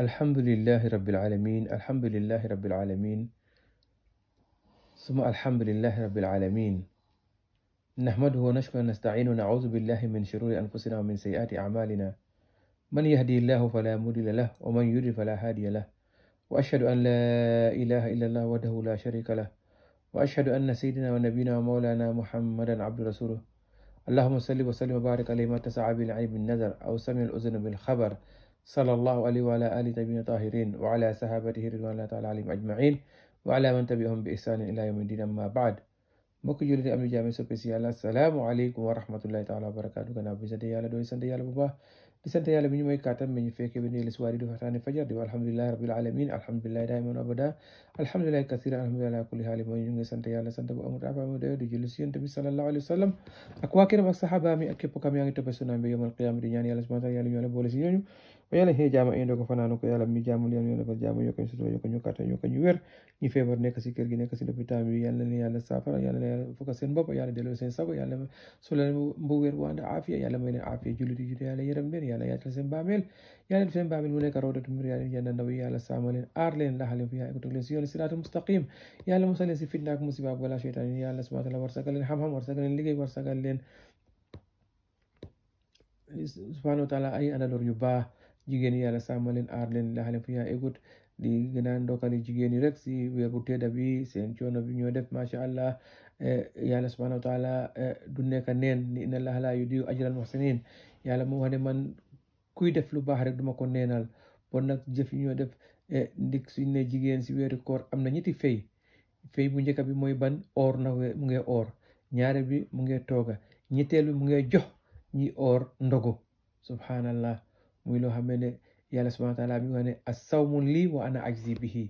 الحمد لله رب العالمين الحمد لله رب العالمين ثم الحمد لله رب العالمين نحمده ونشكر ونستعين ونعوذ بالله من شرور أنفسنا ومن سيئات أعمالنا من يهدي الله فلا مضل له ومن يضلل فلا هادي له وأشهد أن لا إله إلا الله وحده لا شريك له وأشهد أن سيدنا ونبينا ومولانا محمدا عبد رسوله اللهم صل وسلم وبارك عليه ما تسعى بالعين بالنذر أو سمع الأذن بالخبر صلى الله عليه وعلى آله طيبين طاهرين وعلى صحابته رضوان الله تعالى عليهم أجمعين وعلى من تبعهم بإحسان إلى يوم الدين أما بعد مكي جولي أمي جامع سبيسي السلام عليكم ورحمة الله تعالى وبركاته كنا بي سنتي يالا دوي سنتي يالا بباه دي سنتي يالا بني موي كاتم من يفيك بني لسواري دو فتاني فجر دي والحمد لله رب العالمين الحمد لله دائما وابدا الحمد لله كثيرا الحمد لله كل حالي موي جنجي سنتي يالا سنتي بو أمر عبامي دي جلسي انتبه صلى الله عليه وسلم أكواكي نبا صحابامي أكيبو كامي يانجي تبسونا نعم. بيوم القيامة دي نعم. يالا سبحانه يالا نعم. بولي سنيني o yalla he jaamu en ko fanano ko yalla mi jamu yalla yalla jamu yo ko sudo yo ko nyokata yo ko ñu wér ñu feebar nekk si kër gi nekk si lopitaan bi yalla ne yalla safara yalla ne yalla fokk seen bopp yalla delo seen sago yalla so leen bu wér bu ànd aafiya yalla may ne aafiya jullit yi yalla yërëm leen yalla yaatal seen bàmmeel yalla seen bàmmeel mu nekk rawdatu mbir yalla yalla ndaw yalla saama leen aar leen laxal leen fi yaa ko leen si yoon siraatul mustaqim yalla musal leen si fitna ak musiba wala shaytan yalla subhanahu wa ta'ala warsagal leen xam-xam warsagal leen liggéey warsagal leen subhanahu wa ta'ala ay andaloor yu baax jigéen yi yàlla sàmm leen aar leen laxale fu yaa égut di gën a ndokkali jigéen yi rek si weer bu tedda bi seen coono bi ñoo def macha allah eh, yàlla subhanahu wa taala eh, du nekk neen ni inna allaha la yàlla moo wax ne man kuy def lu baax rek duma ko neenal bon nag jëf ñoo def eh, ndik suñ ne jigéen si weeru koor am na ñetti fay fay bu njëkk bi mooy ban oor na mu ngi ñaare bi mu ngi tooga ñetteel bi mu ngi jox ñi or ndogo subhanallah muy loo xam ne yàlla subhaana taala mi ngi wax ne asawmun lii wa ana ajzi bihi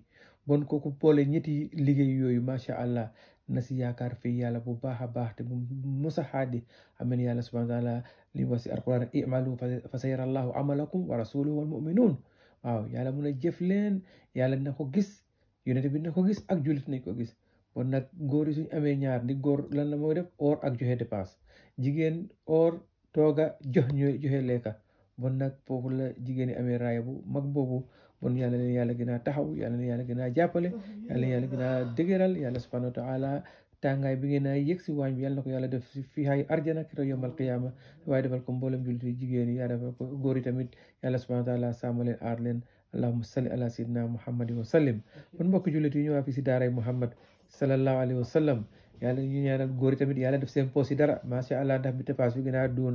bon kooku boole ñetti liggéey yooyu macha allah na si yaakaar fii yàlla bu baax a baax te bu musa xaadi xam ne yàlla subhaana taala li mu wax si alquran imalu fa sayara allahu amalakum wa rasuluhu wal muminuun waaw yàlla mun a jëf leen yàlla dina ko gis yonent bi dina ko gis ak jullit nañ ko gis bon nag góor yi suñ amee ñaar di góor lan la mooy def or ak joxe dépense jigéen or tooga jox ñu joxe lekka bon nag foofu la jigéen ñi amee raaya bu mag boobu bon yàlla leen yàlla gën a taxaw yàlla leen yàlla gën a jàppale yàlla leen yàlla gën a dëgëral yàlla subhanahu wa bi ngeen a yëg si waañ bi ko yàlla def si fii ay arjana waaye defal ko mboolem jullit jigéen yi yàlla yi tamit yàlla subhanahu wa taala sàmm leen aar leen allahumma salli ala sayyidina muhammadin wa mbokk jullit yi ñëwaa fi si daaray muhammad sallallahu alayhi tamit yàlla def seen poos yi dara macha allah ndax bi tapaas bi gën a doon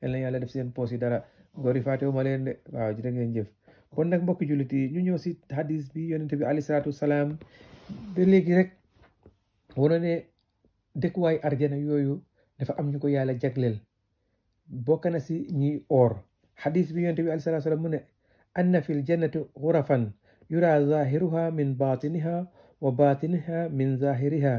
yàlla yàlla def seen poos yi dara gor yi fàttewu de waaw jërë ngeen jëf kon nag mbokki jullit yi ñu ñëw si hadis bi yonente bi aleyhi salaatu rek wana ne dëkkuwaay arjana yooyu dafa am ñu ko yàlla jagleel bokk si oor hadis bi yonente bi aleyhi Salaam wasalaam mu ne anna fi jannati xurafan yura zahiruha min batiniha wa batiniha min zahiriha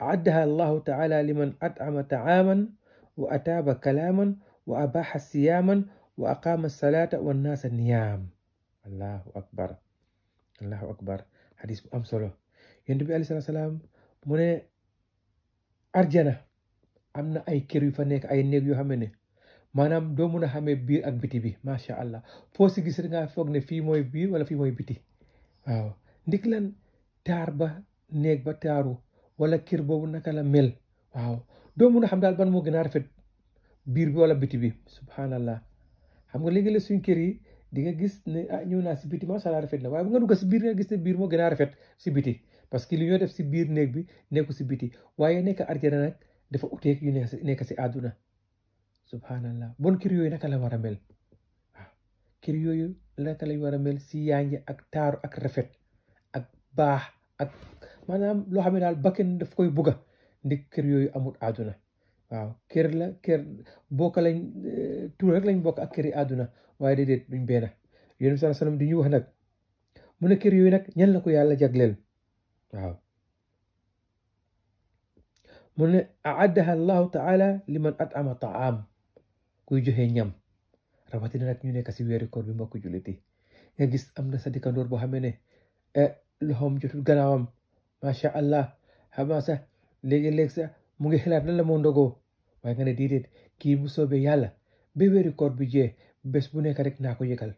aaddaha allahu taala liman at'ama taaman wa ataaba kalaaman wa abaxa siyaaman wa aqama salata wa nnaasa niyaam allahu akbar allahu akbar hadis bu am solo yonent bi alayhi salaam mu ne arjana am na ay kër yu fa nekk ay néeg yoo xam ne maanaam doo mun a xamee biir ak biti bi macha allah foo si gis nga foog ne fii mooy biir wala fii mooy biti waaw ndik lan taar ba néeg ba taaru wala kër boobu naka la mel waaw doo mun a xam daal ban moo gën a rafet biir bi wala biti bi subhanallah xam nga léegi la suñ kër yi di nga gis ne ah ñëw naa si biti macha allah na waaye bu nga dugg si biir nga gis ne biir moo gën si biti parce que li ñoo def si biir néeg bi nekku si biti waaye nekk arjana nag dafa uteeg yu nekk si àdduna subhanallah bon kër yooyu naka la war a mel waaw kër yooyu naka la war a mel si yaañi ak taaru ak rafet ak baax ak maanaam loo xam daal bakkan daf koy bugga ndi kër yooyu amul àdduna waaw kër la kër bokk lañ eh, tuur rek lañ bokk ak kër yi àdduna waaye déedéet duñ benn yéen bi sallam di ñu wax nag mu ne kër yooyu nag ñan la ko yàlla jagleel waaw mu ne aaddaha allahu taala liman at ama taam kuy joxe ñam rawatina nag ñu nekk si weeri koor bi mbokk julliti nga gis am na sa dikkandoor boo xam ne eh, loxoom jotul gannaawam macha allah xamaa sax léegi-léeg mu ngi xalaat lan la moo ndogoo waaye nga ne déedéet kii bu soobee yàlla ba weeru koor bi jee bés bu nekk rek naa ko yëkkal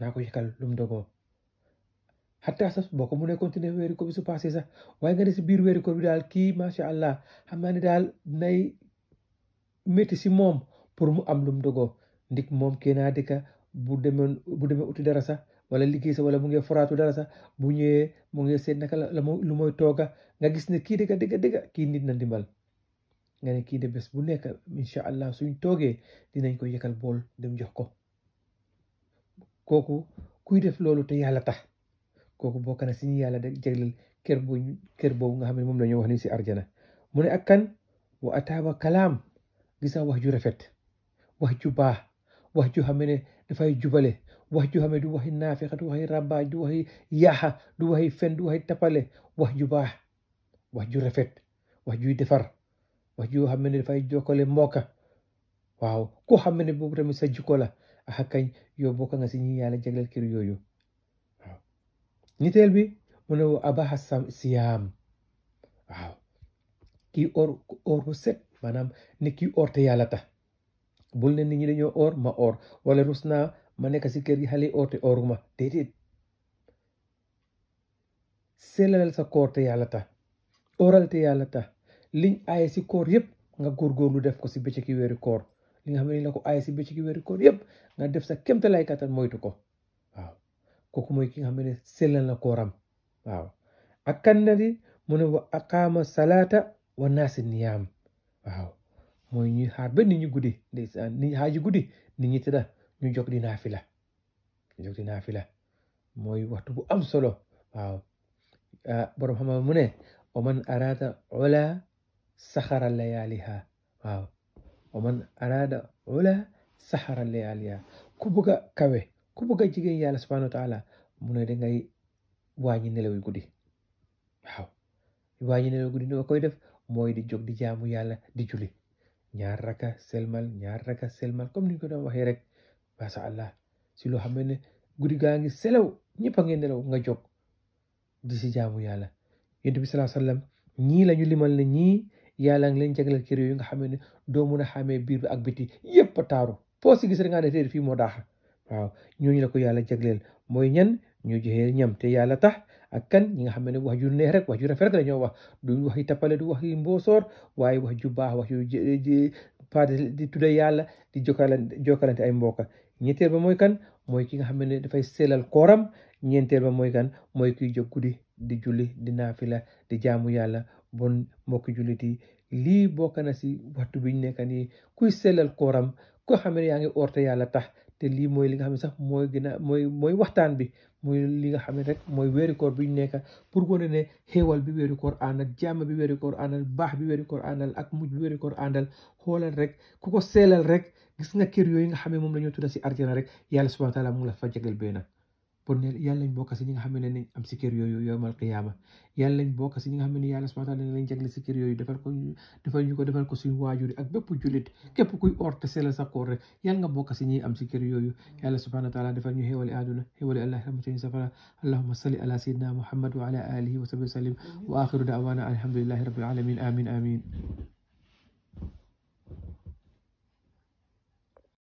naa ko yëkkal lum mu ndogoo xataa sax boo ko mënee continuer weeru sax waaye nga ne si biir weeru koor bi daal kii macha allah xam naa daal nay métti si moom pour mu am lum dogo ndogoo moom kee naa dëkka bu demee bu demee uti dara sax wala liggéey sax wala mu ngi foraatu dara sax bu ñëwee mu ngi seet naka la lu mooy tooga nga gis ne kii dëgg dëgg dëgg kii nit na ndimbal nga ne kii de bés bu nekk incha allah suñ toogee dinañ koy yëkkal bool dem jox ko kooku kuy def loolu te yàlla tax kooku boo na si ñu yàlla de jagleel kër boobu kër boobu nga xam ne moom la ñu wax ni si arjana mu ne ak kan wa ataaba kalaam gis naa wax ju rafet wax ju baax wax ju xam ne dafay jubale wax ju xam ne du waxi naafeqa du waxi rambaaj du waxi yaaxa du waxi fen du waxi tapale wax ju baax wax ju rafet wax ju defar wax ju xam ne dafay jokkale mbokka waaw ku xam ne boobu tamit sa jikko la ah kañ yow bokk nga si ñi yàlla jagleel kër yooyu waaw ñetteel bi mu ne abaha siyaam ki kii or or bu set maanaam ne kii or te yàlla bul ne nit ñi dañoo or ma or wala rus ma nekk si kër gi xale or te oruma déedéet sellalal sa koor te yàlla oralité yàlla tax liñ aaye si koor yëpp nga góorgóorlu def ko si bëccëg ki koor li nga xam ne ko aaye si bëccëg ki yëpp nga def sa kéemtalaay kattan moytu ko waaw mooy ki nga na kooram waaw ak kan di mu ne salaata wa naasi niyaam waaw mooy ñuy xaar ba nit ñi guddi ndeysaan nit ñi guddi nit ñi tëdda ñu jóg di naafila ñu mooy waxtu bu am solo waaw ah, borom xam mu wa man araada ula saxara layaaliha waaw wa araada ula saxara layaaliha ku bëgg a kawe ku bëgg a jigéen yàlla subhanahu mu ne da ngay wàññi nelaw yu guddi waaw wàññi nelaw yu guddi ni nga koy def mooy di jóg di jaamu yàlla di julli ñaar raka selmal ñaar raka selmal comme ni ko doon waxee rek masha allah si loo xam ne guddi gaa ngi selaw ñëpp a nelaw nga jóg di si jaamu yàlla yonent bi salaa sallam ñii la ñu limal na ñii yàlla ngi leen jagleel kër yooyu nga xam ne doo mun a xàmmee biir bi ak biti yëpp taaru poo si gis rek nga ne tey fii moo daax waaw ñooñu la ko yàlla jagleel mooy ñan ñu joxe ñam te yàlla tax ak kan ñi nga xam ne wax ju neex rek wax ju rafet rek la wax du wax yi tappale du wax yi mboosoor waaye wax ju baax wax ju pade di tudde yàlla di jokkalante jokkalante ay mboka ñetteel ba mooy kan mooy ki nga xam ne dafay seelal kooram ñeenteel ba mooy gan mooy kuy jóg guddi di julli di naafila di jaamu yàlla bon mbokki jullit yi lii bokk na si waxtu bi ñu nekk nii kuy sellal kooram koo xam ne yaa ngi oorte yàlla tax te lii mooy li nga xam ne sax mooy gën a mooy waxtaan bi mooy li nga xam ne rek mooy weeri koor bi ñu nekk pour wane ne xéewal bi weeri koor àndal jàmm bi weeri koor àndal baax bi weeri koor àndal ak mujj bi weeri koor àndal xoolal rek ku ko sellal rek gis nga kër yooyu nga xam ne moom la ñu tudda si arjana rek yàlla subhana taala mu la fa jagal benn pour ne yàlla lañ bokk si ñi nga xam am si kër yooyu yowmal qiyaama yàlla lañ bokk si ñi nga xam ne yàlla subhaana taala lañ jagle si kër yooyu defal ko defal ñu ko defal ko suñu waajur yi ak bépp jullit képp kuy or te sela sa koor rek yàlla nga bokk si ñi am si kër yooyu yàlla subhaana taala defal ñu xéewali àdduna xéewali allah ramatañu safara allahuma salli ala sayyidina muhammad wa ala alihi wa sahbihi wa sallim wa axiru daawaana alhamdulillahi rabbil alamin amin